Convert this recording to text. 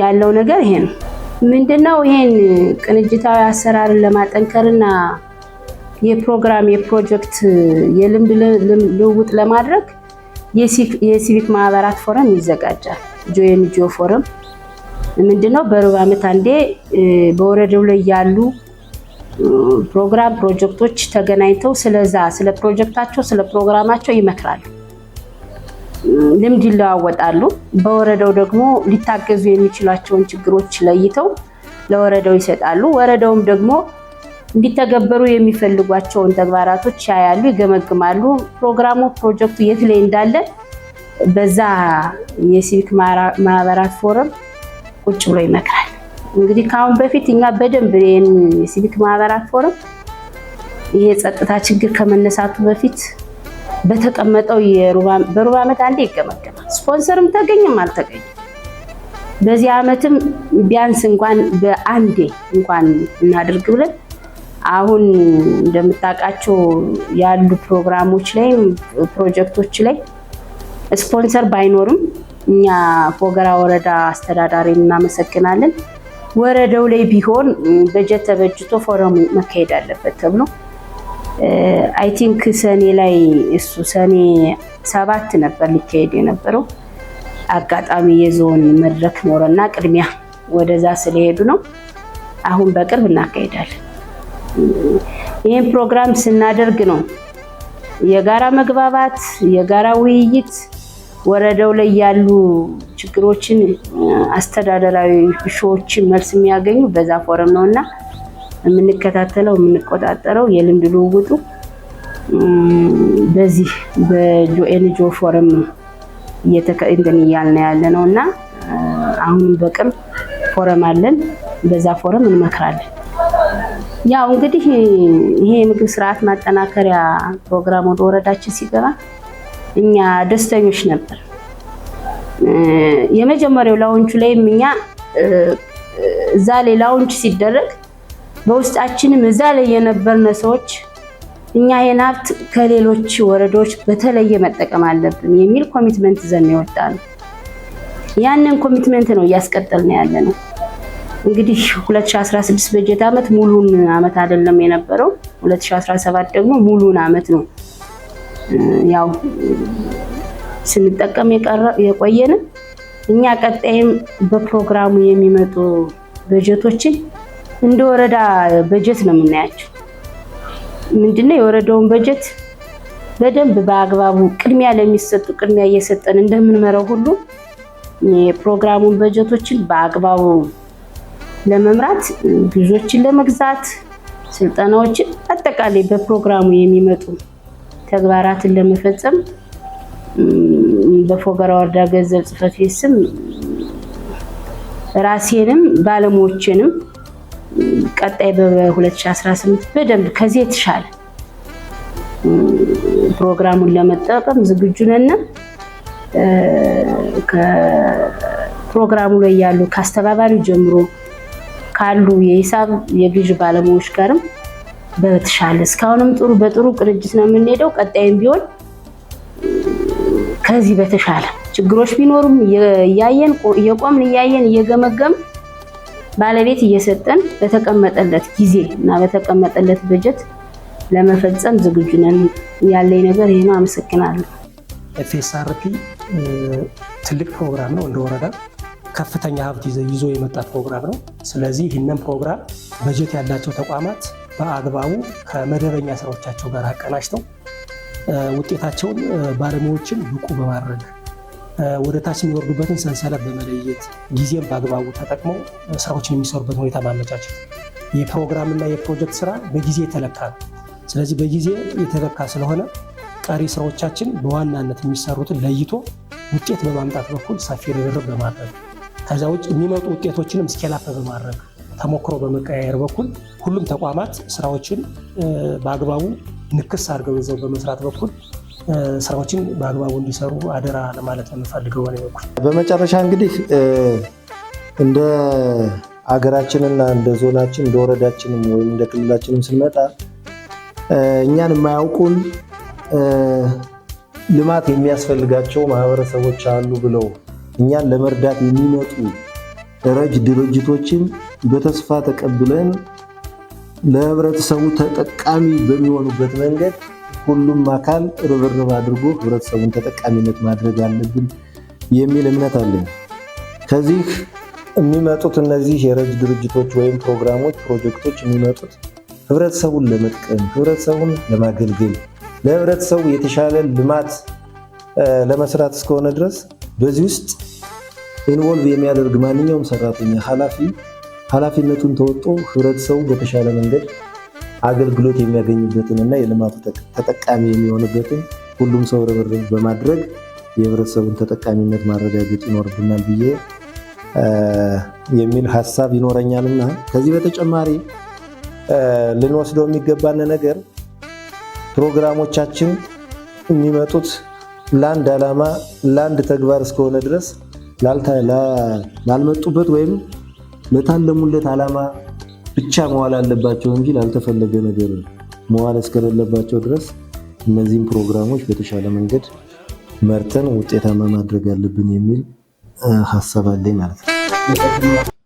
ያለው ነገር ይሄ ነው። ምንድነው ይሄን ቅንጅታዊ አሰራርን ለማጠንከርና የፕሮግራም የፕሮጀክት የልምድ ልውውጥ ለማድረግ የሲቪክ ማህበራት ፎረም ይዘጋጃል። ጆኤንጂኦ ፎረም ምንድነው በሩብ ዓመት አንዴ በወረዳው ላይ ያሉ ፕሮግራም ፕሮጀክቶች ተገናኝተው ስለዛ ስለ ፕሮጀክታቸው ስለ ፕሮግራማቸው ይመክራሉ። ልምድ ይለዋወጣሉ። በወረዳው ደግሞ ሊታገዙ የሚችሏቸውን ችግሮች ለይተው ለወረዳው ይሰጣሉ። ወረዳውም ደግሞ እንዲተገበሩ የሚፈልጓቸውን ተግባራቶች ያያሉ፣ ይገመግማሉ። ፕሮግራሙ ፕሮጀክቱ የት ላይ እንዳለ በዛ የሲቪክ ማህበራት ፎረም ቁጭ ብሎ ይመክራል። እንግዲህ ከአሁን በፊት እኛ በደንብ ይህን የሲቪክ ማህበራት ፎረም ይሄ ጸጥታ ችግር ከመነሳቱ በፊት በተቀመጠው በሩብ ዓመት አንዴ ይገመገማል። ስፖንሰርም ተገኘም አልተገኘም በዚህ ዓመትም ቢያንስ እንኳን በአንዴ እንኳን እናድርግ ብለን አሁን እንደምታውቃቸው ያሉ ፕሮግራሞች ላይ ፕሮጀክቶች ላይ ስፖንሰር ባይኖርም እኛ ፎገራ ወረዳ አስተዳዳሪ እናመሰግናለን። ወረዳው ላይ ቢሆን በጀት ተበጅቶ ፎረሙ መካሄድ አለበት ተብሎ አይ ቲንክ ሰኔ ላይ እሱ ሰኔ ሰባት ነበር ሊካሄድ የነበረው። አጋጣሚ የዞን መድረክ ኖረና ቅድሚያ ወደዛ ስለሄዱ ነው። አሁን በቅርብ እናካሄዳለን። ይህን ፕሮግራም ስናደርግ ነው የጋራ መግባባት፣ የጋራ ውይይት ወረዳው ላይ ያሉ ችግሮችን አስተዳደራዊ ሾዎችን መልስ የሚያገኙ በዛ ፎረም እና። የምንከታተለው የምንቆጣጠረው የልምድ ልውውጡ በዚህ በጆኤንጆ ፎረም እንትን እያልን ያለ ነው እና አሁንም በቅርብ ፎረም አለን። በዛ ፎረም እንመክራለን። ያው እንግዲህ ይሄ የምግብ ስርዓት ማጠናከሪያ ፕሮግራም ወደ ወረዳችን ሲገባ እኛ ደስተኞች ነበር። የመጀመሪያው ላውንቹ ላይም እኛ እዛ ላይ ላውንች ሲደረግ በውስጣችንም እዛ ላይ የነበርነ ሰዎች እኛ ይህን ሀብት ከሌሎች ወረዳዎች በተለየ መጠቀም አለብን የሚል ኮሚትመንት ዘን ይወጣል። ያንን ኮሚትመንት ነው እያስቀጠልን ያለ ነው። እንግዲህ 2016 በጀት ዓመት ሙሉን ዓመት አይደለም የነበረው። 2017 ደግሞ ሙሉን ዓመት ነው ያው ስንጠቀም የቆየንም እኛ ቀጣይም በፕሮግራሙ የሚመጡ በጀቶችን እንደ ወረዳ በጀት ነው የምናያቸው። ምንድነው የወረዳውን በጀት በደንብ በአግባቡ ቅድሚያ ለሚሰጡ ቅድሚያ እየሰጠን እንደምንመረው ሁሉ የፕሮግራሙን በጀቶችን በአግባቡ ለመምራት ብዙዎችን ለመግዛት ስልጠናዎችን አጠቃላይ በፕሮግራሙ የሚመጡ ተግባራትን ለመፈጸም በፎገራ ወረዳ ገንዘብ ጽሕፈት ቤት ስም ራሴንም ባለሙያዎችንም ቀጣይ በ2018 በደንብ ከዚህ የተሻለ ፕሮግራሙን ለመጠቀም ዝግጁ ነን። ከፕሮግራሙ ላይ ያሉ ከአስተባባሪው ጀምሮ ካሉ የሂሳብ የግዥ ባለሙያዎች ጋርም በተሻለ እስካሁንም ጥሩ በጥሩ ቅንጅት ነው የምንሄደው። ቀጣይም ቢሆን ከዚህ በተሻለ ችግሮች ቢኖሩም እያየን እየቆምን እያየን እየገመገምን ባለቤት እየሰጠን በተቀመጠለት ጊዜ እና በተቀመጠለት በጀት ለመፈጸም ዝግጁ ነን። ያለኝ ነገር ይህ ነው። አመሰግናለሁ። ትልቅ ፕሮግራም ነው። እንደ ወረዳ ከፍተኛ ሀብት ይዞ የመጣ ፕሮግራም ነው። ስለዚህ ይህንን ፕሮግራም በጀት ያላቸው ተቋማት በአግባቡ ከመደበኛ ስራዎቻቸው ጋር አቀናጅተው ውጤታቸውን ባለሙያዎችን ብቁ በማድረግ ወደ ታች የሚወርዱበትን ሰንሰለት በመለየት ጊዜም በአግባቡ ተጠቅመው ስራዎችን የሚሰሩበት ሁኔታ ማመቻቸት። የፕሮግራምና የፕሮጀክት ስራ በጊዜ የተለካ ነው። ስለዚህ በጊዜ የተለካ ስለሆነ ቀሪ ስራዎቻችን በዋናነት የሚሰሩትን ለይቶ ውጤት በማምጣት በኩል ሰፊ ርብርብ በማድረግ ከዚያ ውጭ የሚመጡ ውጤቶችንም ስኬላፕ በማድረግ ተሞክሮ በመቀያየር በኩል ሁሉም ተቋማት ስራዎችን በአግባቡ ንክስ አድርገው ይዘው በመስራት በኩል ስራዎችን በአግባቡ እንዲሰሩ አደራ ለማለት የምፈልገው። ነው። በኩል በመጨረሻ እንግዲህ እንደ አገራችንና እንደ ዞናችን እንደ ወረዳችንም ወይም እንደ ክልላችንም ስንመጣ እኛን የማያውቁን ልማት የሚያስፈልጋቸው ማህበረሰቦች አሉ ብለው እኛን ለመርዳት የሚመጡ ረጅ ድርጅቶችን በተስፋ ተቀብለን ለህብረተሰቡ ተጠቃሚ በሚሆኑበት መንገድ ሁሉም አካል ርብርብ አድርጎ ህብረተሰቡን ተጠቃሚነት ማድረግ አለብን የሚል እምነት አለኝ። ከዚህ የሚመጡት እነዚህ የረጅ ድርጅቶች ወይም ፕሮግራሞች፣ ፕሮጀክቶች የሚመጡት ህብረተሰቡን ለመጥቀም ህብረተሰቡን ለማገልገል ለህብረተሰቡ የተሻለ ልማት ለመስራት እስከሆነ ድረስ በዚህ ውስጥ ኢንቮልቭ የሚያደርግ ማንኛውም ሰራተኛ ኃላፊ ኃላፊነቱን ተወጦ ህብረተሰቡ በተሻለ መንገድ አገልግሎት የሚያገኝበትንና የልማቱ ተጠቃሚ የሚሆንበትን ሁሉም ሰው ርብርብ በማድረግ የህብረተሰቡን ተጠቃሚነት ማረጋገጥ ይኖርብናል ብዬ የሚል ሀሳብ ይኖረኛል እና ከዚህ በተጨማሪ ልንወስደው የሚገባን ነገር ፕሮግራሞቻችን የሚመጡት ለአንድ ዓላማ ለአንድ ተግባር እስከሆነ ድረስ ላልመጡበት ወይም ለታለሙለት ዓላማ ብቻ መዋል አለባቸው እንጂ ላልተፈለገ ነገር መዋል እስከሌለባቸው ድረስ እነዚህም ፕሮግራሞች በተሻለ መንገድ መርተን ውጤታማ ማድረግ አለብን የሚል ሀሳብ አለኝ ማለት ነው።